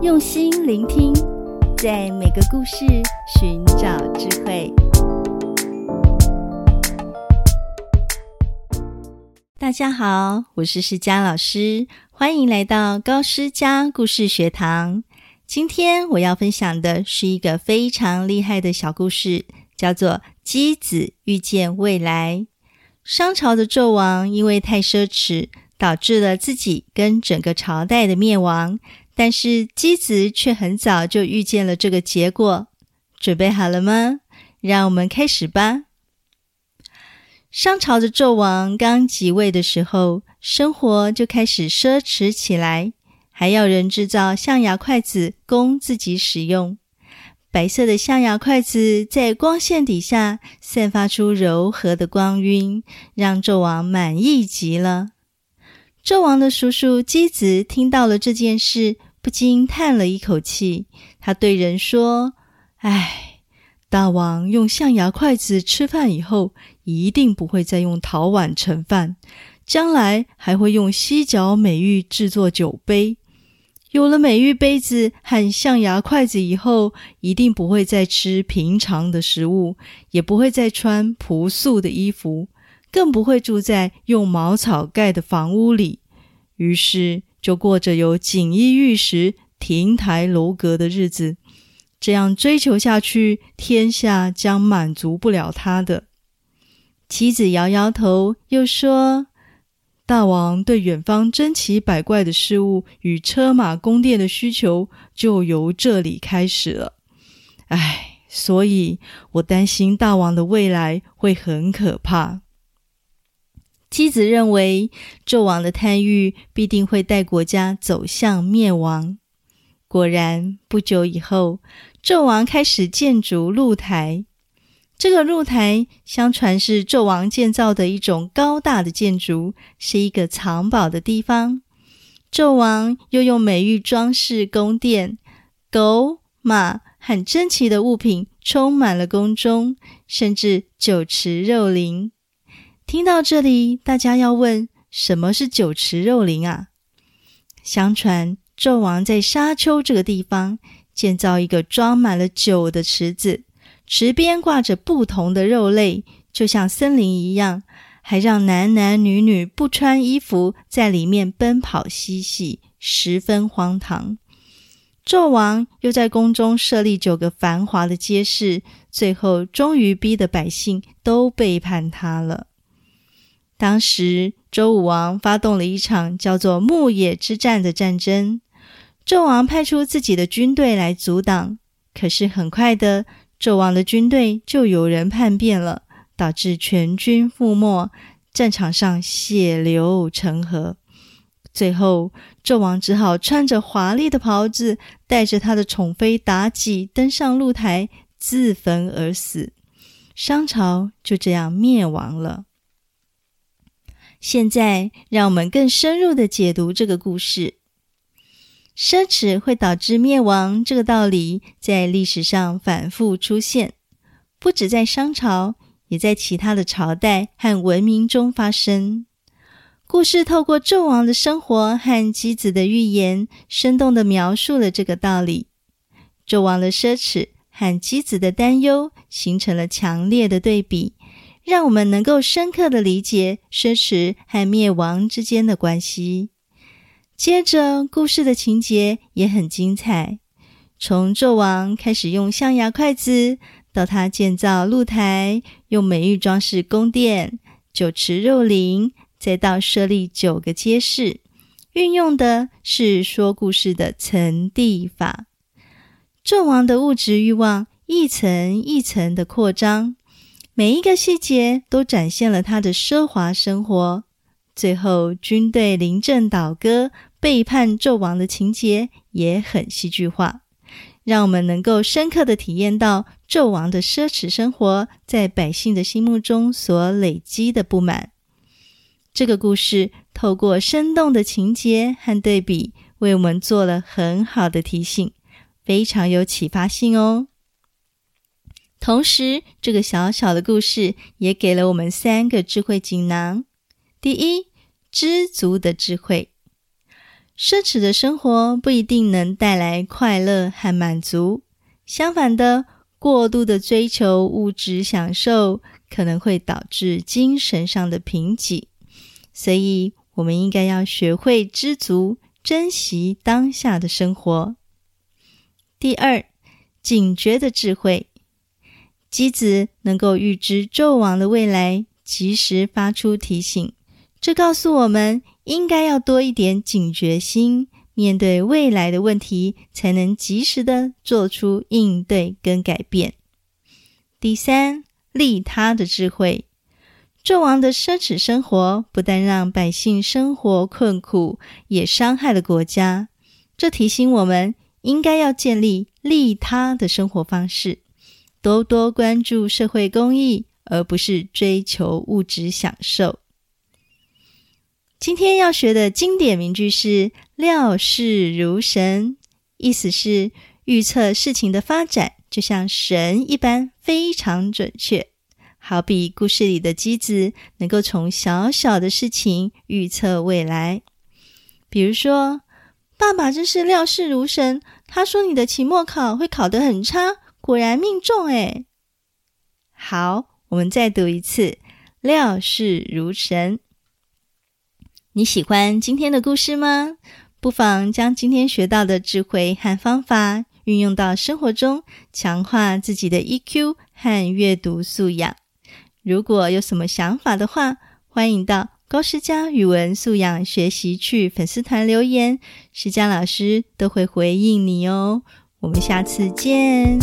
用心聆聽，在每個故事尋找智慧。大家好，我是詩佳老師，歡迎來到高詩佳故事學堂。今天我要分享的是一個非常厲害的小故事，叫做《箕子預見未來》。商朝的紂王因為太奢侈，導致了自己跟整個朝代的滅亡。但是，箕子卻很早就預見了這個結果。準備好了嗎？讓我們開始吧。商朝的紂王剛即位的時候，生活就開始奢侈起來，還要人製造象牙筷子，供自己使用。白色的象牙筷子在光線底下散發出柔和的光暈，讓紂王滿意極了。紂王的叔叔箕子聽到了這件事，不禁嘆了一口氣，他對人說：“唉，大王用象牙筷子吃飯以後，一定不會再用陶碗盛飯；將來還會用犀角美玉制作酒杯。有了美玉杯子和象牙筷子以後，一定不會再吃平常的食物，也不會再穿樸素的衣服，更不會住在用茅草蓋的房屋裡。”於是，就過着有錦衣玉食、亭台樓閣的日子，這樣追求下去，天下將滿足不了他的。箕子搖搖頭，又說：“大王對遠方珍奇百怪的事物與車馬宮殿的需求，就由這裡開始了。唉，所以我擔心大王的未來會很可怕。”箕子認為，紂王的貪欲必定會帶國家走向滅亡。果然，不久以後，紂王開始建築鹿台。這個鹿台相傳是紂王建造的一種高大的建築，是一個藏寶的地方。紂王又用美玉裝飾宮殿，狗馬很珍奇的物品充滿了宮中，甚至酒池肉林。聽到這裡，大家要問：什麼是酒池肉林啊？相傳紂王在沙丘這個地方建造一個裝滿了酒的池子，池邊掛着不同的肉類，就像森林一樣，還讓男男女女不穿衣服在裡面奔跑嬉戲，十分荒唐。紂王又在宮中設立九個繁華的街市，最後終於逼得百姓都背叛他了。當時，周武王發動了一場叫做“牧野之戰”的戰爭。紂王派出自己的軍隊來阻擋，可是很快的，紂王的軍隊就有人叛變了，導致全軍覆沒，戰場上血流成河。最後，紂王只好穿着華麗的袍子，帶着他的寵妃妲己登上露台，自焚而死。商朝就這樣滅亡了。現在，讓我們更深入的解讀這個故事。奢侈會導致滅亡，這個道理在歷史上反覆出現，不止在商朝，也在其他的朝代和文明中發生。故事透過紂王的生活和箕子的預言，生動的描述了這個道理。紂王的奢侈和箕子的擔憂，形成了強烈的對比。讓我們能夠深刻的理解奢侈和滅亡之間的關係。接着，故事的情節也很精彩。從紂王開始用象牙筷子，到他建造露台，用美玉裝飾宮殿、酒池肉林，再到設立九個街市，運用的是說故事的層遞法。紂王的物質慾望一層一層的擴張。每一個細節都展現了他的奢華生活。最後，軍隊臨陣倒戈、背叛紂王的情節也很戲劇化，讓我們能夠深刻地體驗到紂王的奢侈生活在百姓的心目中所累積的不滿。這個故事透過生動的情節和對比，為我們做了很好的提醒，非常有啟發性哦。同時，這個小小的故事也給了我們三個智慧錦囊：第一，知足的智慧。奢侈的生活不一定能帶來快樂和滿足，相反的，過度的追求物質享受可能會導致精神上的貧瘠。所以，我們應該要學會知足，珍惜當下的生活。第二，警覺的智慧。箕子能夠預知紂王的未來，及時發出提醒，這告訴我們應該要多一點警覺心，面對未來的問題，才能及時的做出應對跟改變。第三，利他的智慧，紂王的奢侈生活不但讓百姓生活困苦，也傷害了國家。這提醒我們應該要建立利他的生活方式。多多關注社會公益，而不是追求物質享受。今天要學的經典名句是“料事如神”，意思是預測事情的發展就像神一般非常準確。好比故事裡的箕子能夠從小小的事情預測未來。比如說，爸爸真是料事如神，他說你的期末考會考得很差。果然命中誒，好，我們再讀一次，料事如神。你喜歡今天的故事嗎？不妨將今天學到的智慧和方法運用到生活中，強化自己的 EQ 和閱讀素養。如果有什麼想法的話，歡迎到高詩佳語文素養學習區粉絲團留言，詩佳老師都會回應你哦。我們下次見。